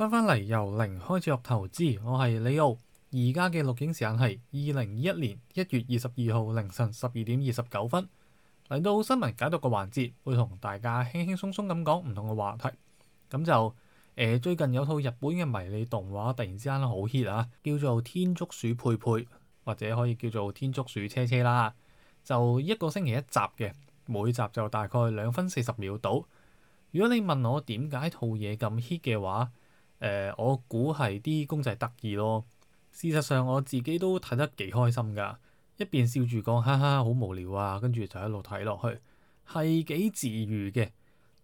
翻翻嚟，由零開始學投資。我係李奧，而家嘅錄影時間係二零二一年一月二十二號凌晨十二點二十九分。嚟到新聞解讀嘅環節，會同大家輕輕鬆鬆咁講唔同嘅話題。咁就誒、呃、最近有套日本嘅迷你動畫突然之間好 hit 啊，叫做《天竺鼠佩佩》，或者可以叫做《天竺鼠車車》啦。就一個星期一集嘅，每集就大概兩分四十秒到。如果你問我點解套嘢咁 hit 嘅話，誒、呃，我估係啲公仔得意咯。事實上，我自己都睇得幾開心㗎，一邊笑住講，哈哈，好無聊啊。跟住就一路睇落去，係幾治癒嘅。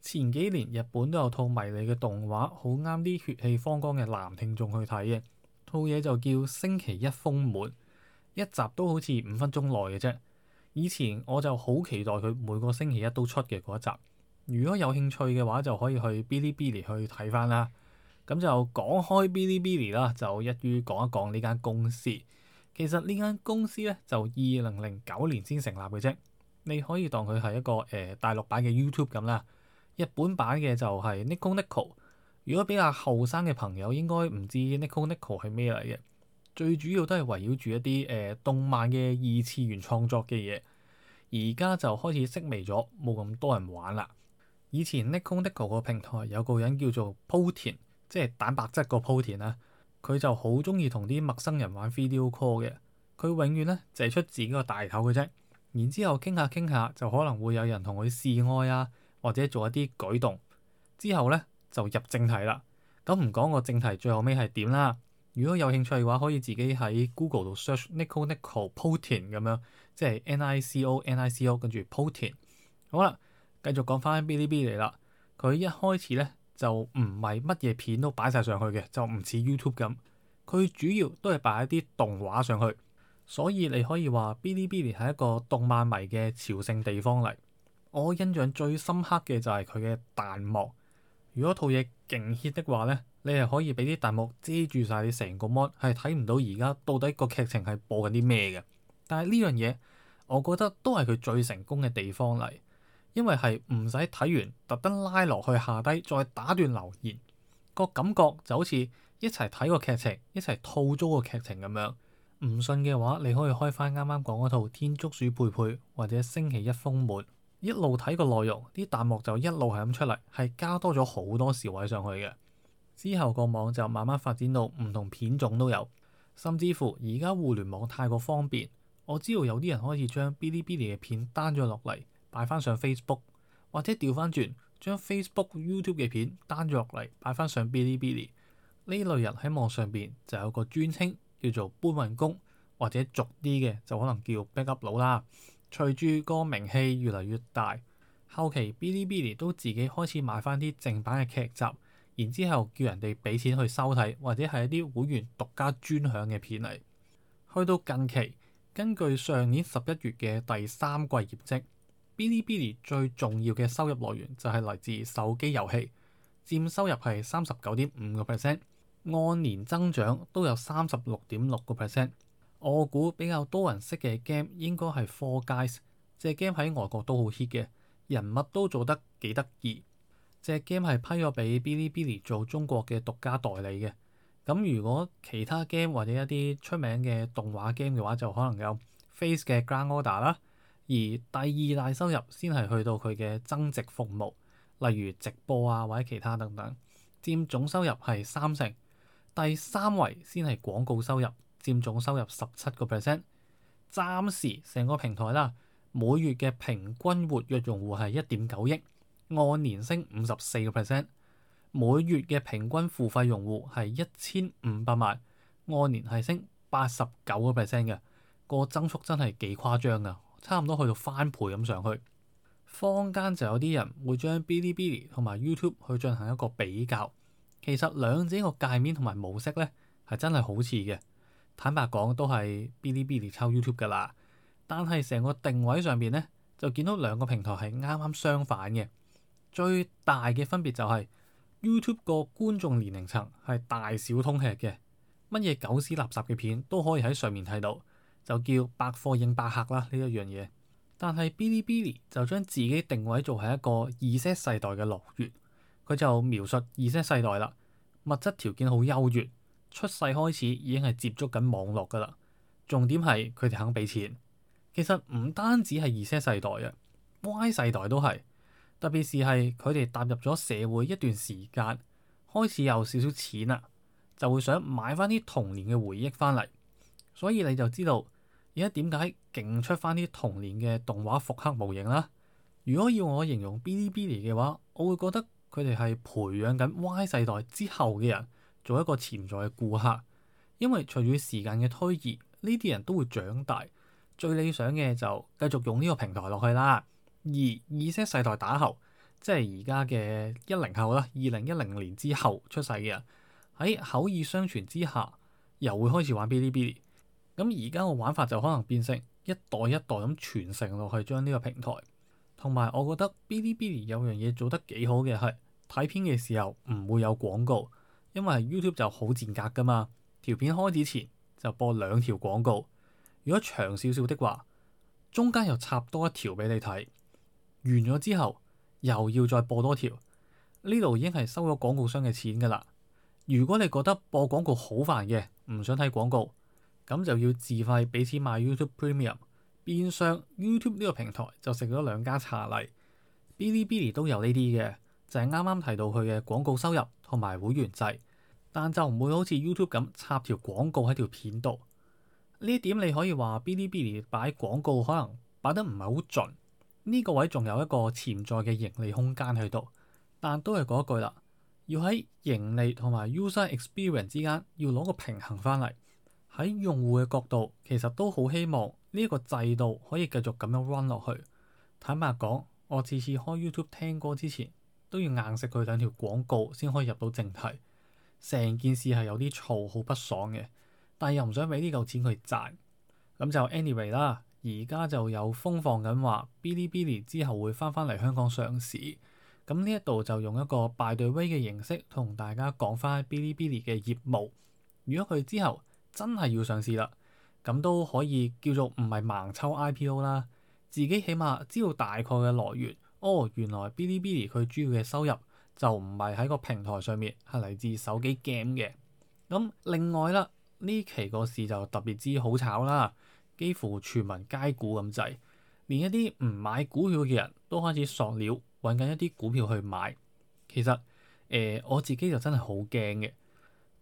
前幾年日本都有套迷你嘅動畫，好啱啲血氣方剛嘅男聽眾去睇嘅。套嘢就叫《星期一豐滿》，一集都好似五分鐘內嘅啫。以前我就好期待佢每個星期一都出嘅嗰一集。如果有興趣嘅話，就可以去 Bilibili 去睇返啦。咁就講開嗶哩嗶哩啦，就一於講一講呢間公司。其實呢間公司咧，就二零零九年先成立嘅啫。你可以當佢係一個誒、呃、大陸版嘅 YouTube 咁啦。日本版嘅就係 Nico Nico。如果比較後生嘅朋友應該唔知 Nico Nico 係咩嚟嘅，最主要都係圍繞住一啲誒、呃、動漫嘅二次元創作嘅嘢。而家就開始式微咗，冇咁多人玩啦。以前 Nico Nico 個平台有個人叫做鋪田。即係蛋白質個 Potin 啊，佢就好中意同啲陌生人玩 video call 嘅，佢永遠咧就係出自己個大頭嘅啫，然之後傾下傾下就可能會有人同佢示愛啊，或者做一啲舉動，之後咧就入正題啦。咁唔講個正題最後尾係點啦，如果有興趣嘅話，可以自己喺 Google 度 search Nico Nico Potin 咁樣，即係 N I C O N I C O 跟住 Potin。好啦，繼續講翻 Bilibili 嚟啦，佢一開始咧。就唔係乜嘢片都擺晒上去嘅，就唔似 YouTube 咁，佢主要都係擺一啲動畫上去，所以你可以話 Bilibili 係一個動漫迷嘅朝聖地方嚟。我印象最深刻嘅就係佢嘅彈幕，如果套嘢勁 hit 的話呢，你係可以俾啲彈幕遮住晒你成個 mon，係睇唔到而家到底個劇情係播緊啲咩嘅。但係呢樣嘢，我覺得都係佢最成功嘅地方嚟。因為係唔使睇完，特登拉落去下低再打段留言，個感覺就好似一齊睇個劇情，一齊吐槽個劇情咁樣。唔信嘅話，你可以開翻啱啱講嗰套《天竺鼠佩佩》或者《星期一封滿》，一路睇個內容，啲彈幕就一路係咁出嚟，係加多咗好多時位上去嘅。之後個網就慢慢發展到唔同片種都有，甚至乎而家互聯網太過方便，我知道有啲人可以將 Bilibili 嘅片 down 咗落嚟。擺翻上 Facebook 或者調翻轉，將 Facebook、YouTube 嘅片 down 咗落嚟，擺翻上 Bilibili。呢類人喺網上邊就有個專稱叫做搬運工，或者俗啲嘅就可能叫 backup 佬啦。隨住個名氣越嚟越大，後期 Bilibili 都自己開始買翻啲正版嘅劇集，然之後叫人哋俾錢去收睇，或者係一啲會員獨家專享嘅片嚟。去到近期，根據上年十一月嘅第三季業績。Bilibili 最重要嘅收入來源就係來自手機遊戲，佔收入係三十九點五個 percent，按年增長都有三十六點六個 percent。我估比較多人識嘅 game 應該係 Fall Guys，隻 game 喺外國都好 hit 嘅，人物都做得幾得意。隻 game 係批咗俾 Bilibili 做中國嘅獨家代理嘅。咁如果其他 game 或者一啲出名嘅動畫 game 嘅話，就可能有 Fate 嘅 Grand Order 啦。而第二大收入先係去到佢嘅增值服務，例如直播啊或者其他等等，佔總收入係三成。第三位先係廣告收入，佔總收入十七個 percent。暫時成個平台啦，每月嘅平均活躍用戶係一點九億，按年升五十四個 percent。每月嘅平均付費用戶係一千五百萬，按年係升八十九個 percent 嘅個增速真係幾誇張噶。差唔多去到翻倍咁上去，坊間就有啲人會將 Bilibili 同埋 YouTube 去進行一個比較，其實兩者個介面同埋模式咧係真係好似嘅，坦白講都係 Bilibili 抄 YouTube 噶啦，但係成個定位上面咧就見到兩個平台係啱啱相反嘅，最大嘅分別就係 YouTube 個觀眾年齡層係大小通吃嘅，乜嘢狗屎垃圾嘅片都可以喺上面睇到。就叫百貨應百客啦，呢一樣嘢，但係 Bilibili 就將自己定位做係一個 Z 世代嘅樂園，佢就描述 Z 世代啦，物質條件好優越，出世開始已經係接觸緊網絡㗎啦。重點係佢哋肯俾錢，其實唔單止係 Z 世代啊，Y 世代都係，特別是係佢哋踏入咗社會一段時間，開始有少少錢啦，就會想買翻啲童年嘅回憶翻嚟，所以你就知道。而家點解勁出翻啲童年嘅動畫復刻模型啦？如果要我形容 Bilibili 嘅話，我會覺得佢哋係培養緊 Y 世代之後嘅人做一個潛在嘅顧客，因為隨住時間嘅推移，呢啲人都會長大。最理想嘅就繼續用呢個平台落去啦。而 Z 世代打後，即係而家嘅一零後啦，二零一零年之後出世嘅人喺口耳相傳之下，又會開始玩 Bilibili。咁而家個玩法就可能變成一代一代咁傳承落去，將呢個平台。同埋，我覺得 Bilibili 有樣嘢做得幾好嘅係睇片嘅時候唔會有廣告，因為 YouTube 就好賤格㗎嘛。條片開始前就播兩條廣告，如果長少少嘅話，中間又插多一條俾你睇。完咗之後又要再播多條，呢度已經係收咗廣告商嘅錢㗎啦。如果你覺得播廣告好煩嘅，唔想睇廣告。咁就要自費俾錢買 YouTube Premium。變相 YouTube 呢個平台就食咗兩家茶禮。Bilibili 都有呢啲嘅，就係啱啱提到佢嘅廣告收入同埋會員制，但就唔會好似 YouTube 咁插條廣告喺條片度。呢點你可以話 Bilibili 擺廣告可能擺得唔係好盡呢個位，仲有一個潛在嘅盈利空間喺度，但都係嗰句啦，要喺盈利同埋 user experience 之間要攞個平衡翻嚟。喺用戶嘅角度，其實都好希望呢個制度可以繼續咁樣 run 落去。坦白講，我次次開 YouTube 聽歌之前都要硬食佢兩條廣告先可以入到正題，成件事係有啲嘈，好不爽嘅。但又唔想俾呢嚿錢佢賺，咁就 anyway 啦。而家就有風放緊話，Bilibili 之後會翻返嚟香港上市。咁呢一度就用一個 by the way 嘅形式同大家講翻 Bilibili 嘅業務。如果佢之後真係要上市啦，咁都可以叫做唔係盲抽 IPO 啦，自己起碼知道大概嘅來源。哦，原來 Bilibili 佢主要嘅收入就唔係喺個平台上面，係嚟自手機 game 嘅。咁、嗯、另外啦，呢期個市就特別之好炒啦，幾乎全民皆股咁滯，連一啲唔買股票嘅人都開始索料，揾緊一啲股票去買。其實誒、呃，我自己就真係好驚嘅。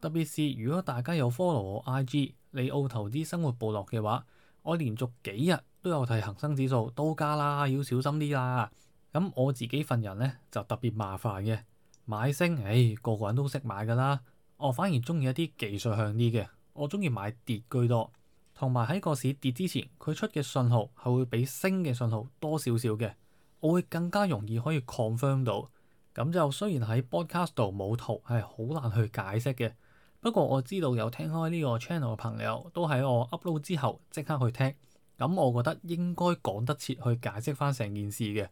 特別是如果大家有 follow 我 IG 利澳投資生活部落嘅話，我連續幾日都有提恒生指數都加啦，要小心啲啦。咁我自己份人呢就特別麻煩嘅，買升，誒、哎、個個人都識買㗎啦。我反而中意一啲技術向啲嘅，我中意買跌居多，同埋喺個市跌之前，佢出嘅信號係會比升嘅信號多少少嘅，我會更加容易可以 confirm 到。咁就雖然喺 podcast 度冇圖，係好難去解釋嘅。不過我知道有聽開呢個 channel 嘅朋友都喺我 upload 之後即刻去聽，咁我覺得應該趕得切去解釋翻成件事嘅。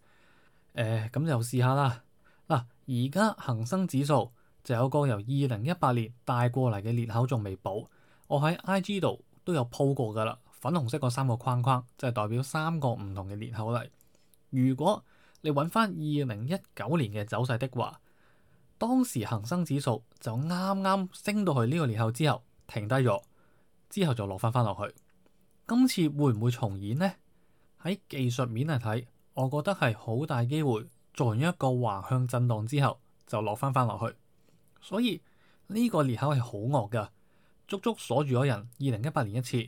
誒，咁就試下啦。嗱、啊，而家恒生指數就有個由二零一八年帶過嚟嘅裂口仲未補，我喺 IG 度都有鋪過㗎啦。粉紅色嗰三個框框就係代表三個唔同嘅裂口嚟。如果你揾翻二零一九年嘅走勢的話，當時恒生指數就啱啱升到去呢個裂口之後停低咗，之後就落翻翻落去。今次會唔會重演呢？喺技術面嚟睇，我覺得係好大機會做完一個橫向震盪之後就落翻翻落去。所以呢個裂口係好惡噶，足足鎖住咗人。二零一八年一次，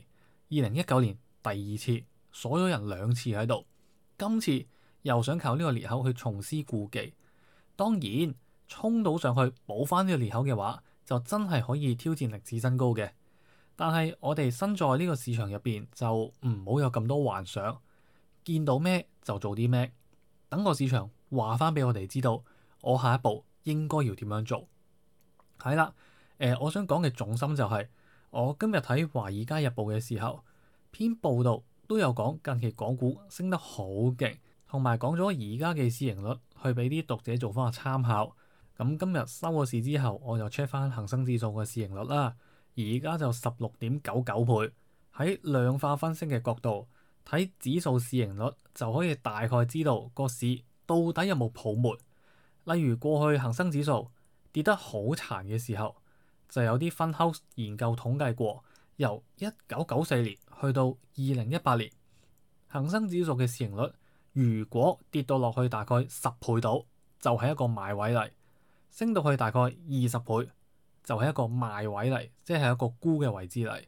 二零一九年第二次鎖咗人兩次喺度，今次又想靠呢個裂口去重施故技，當然。衝到上去補翻呢個裂口嘅話，就真係可以挑戰歷史新高嘅。但係我哋身在呢個市場入邊，就唔好有咁多幻想，見到咩就做啲咩，等個市場話翻俾我哋知道，我下一步應該要點樣做。係啦，誒、呃，我想講嘅重心就係、是、我今日睇華爾街日報嘅時候，篇報道都有講近期港股升得好勁，同埋講咗而家嘅市盈率，去俾啲讀者做翻個參考。咁今日收咗市之後，我就 check 翻恒生指數嘅市盈率啦。而家就十六點九九倍。喺量化分析嘅角度睇指數市盈率，就可以大概知道個市到底有冇泡沫。例如過去恒生指數跌得好殘嘅時候，就有啲分 house 研究統計過，由一九九四年去到二零一八年，恒生指數嘅市盈率如果跌到落去大概十倍度，就係一個買位嚟。升到去大概二十倍，就係一個賣位嚟，即係一個沽嘅位置嚟。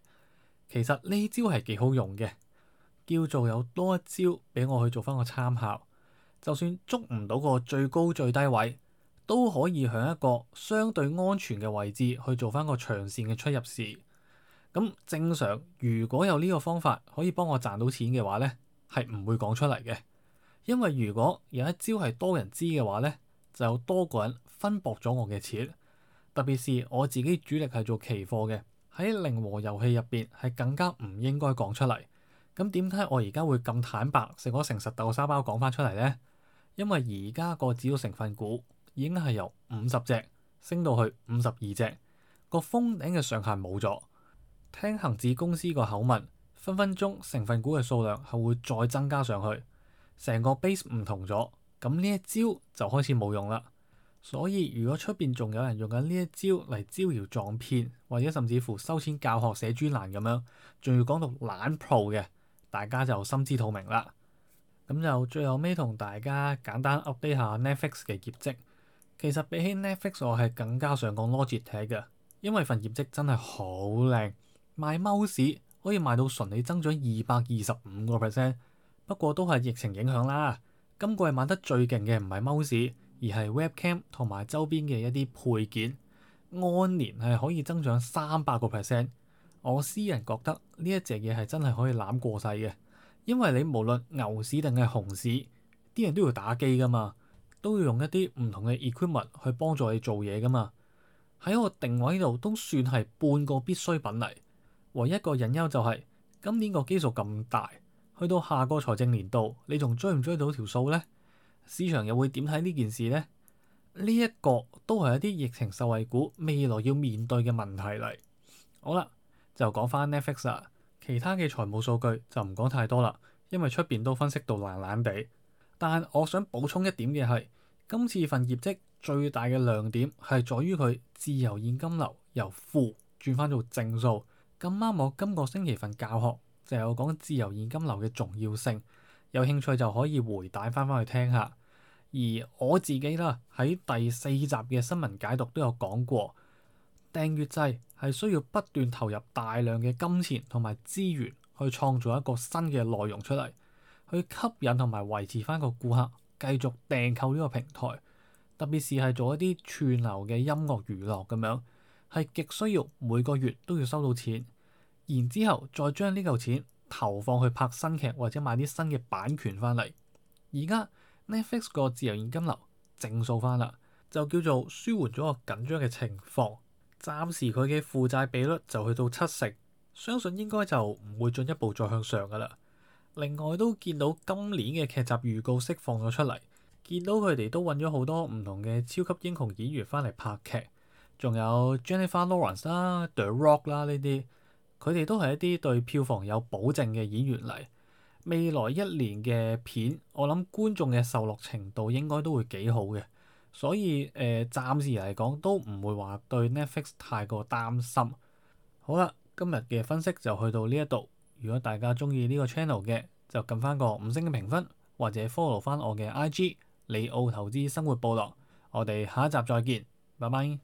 其實呢招係幾好用嘅，叫做有多一招俾我去做翻個參考。就算捉唔到個最高最低位，都可以喺一個相對安全嘅位置去做翻個長線嘅出入市。咁正常，如果有呢個方法可以幫我賺到錢嘅話呢，係唔會講出嚟嘅，因為如果有一招係多人知嘅話呢，就有多個人。分薄咗我嘅錢，特別是我自己主力係做期貨嘅，喺零和遊戲入邊係更加唔應該講出嚟。咁點解我而家會咁坦白，食咗誠實豆沙包講翻出嚟呢？因為而家個指數成分股已經係由五十隻升到去五十二隻，個封頂嘅上限冇咗。聽恒指公司個口吻，分分鐘成分股嘅數量係會再增加上去，成個 base 唔同咗，咁呢一招就開始冇用啦。所以如果出邊仲有人用緊呢一招嚟招搖撞騙，或者甚至乎收錢教學寫專欄咁樣，仲要講到懶 Pro 嘅，大家就心知肚明啦。咁就最後尾同大家簡單 update 下 Netflix 嘅業績。其實比起 Netflix 我係更加想講 Logitech 嘅，因為份業績真係好靚，賣 Mouse 可以賣到純利增長二百二十五個 percent。不過都係疫情影響啦，今季賣得最勁嘅唔係 Mouse。而係 webcam 同埋周邊嘅一啲配件，按年係可以增長三百個 percent。我私人覺得呢一隻嘢係真係可以攬過世嘅，因為你無論牛市定係熊市，啲人都要打機噶嘛，都要用一啲唔同嘅 equipment 去幫助你做嘢噶嘛。喺我定位度都算係半個必需品嚟，唯一個隱憂就係今年個基數咁大，去到下個財政年度，你仲追唔追到條數咧？市場又會點睇呢件事呢？呢、呢、一個都係一啲疫情受惠股未來要面對嘅問題嚟。好啦，就講翻 Netflix 啦。其他嘅財務數據就唔講太多啦，因為出邊都分析到爛爛地。但我想補充一點嘅係，今次份業績最大嘅亮點係在於佢自由現金流由負轉翻做正數。咁啱我今個星期份教學就有講自由現金流嘅重要性。有興趣就可以回帶翻翻去聽下。而我自己啦，喺第四集嘅新聞解讀都有講過，訂閱制係需要不斷投入大量嘅金錢同埋資源去創造一個新嘅內容出嚟，去吸引同埋維持翻個顧客繼續訂購呢個平台。特別是係做一啲串流嘅音樂娛樂咁樣，係極需要每個月都要收到錢，然之後再將呢嚿錢，投放去拍新劇或者買啲新嘅版權翻嚟，而家 Netflix 個自由現金流正數翻啦，就叫做舒緩咗個緊張嘅情況。暫時佢嘅負債比率就去到七成，相信應該就唔會進一步再向上噶啦。另外都見到今年嘅劇集預告釋放咗出嚟，見到佢哋都揾咗好多唔同嘅超級英雄演員翻嚟拍劇，仲有 Jennifer Lawrence 啦、The Rock 啦呢啲。佢哋都係一啲對票房有保證嘅演員嚟，未來一年嘅片，我諗觀眾嘅受落程度應該都會幾好嘅，所以誒、呃，暫時嚟講都唔會話對 Netflix 太過擔心。好啦，今日嘅分析就去到呢一度。如果大家鍾意呢個 channel 嘅，就撳翻個五星嘅評分，或者 follow 翻我嘅 IG 李奧投資生活部落，我哋下一集再見，拜拜。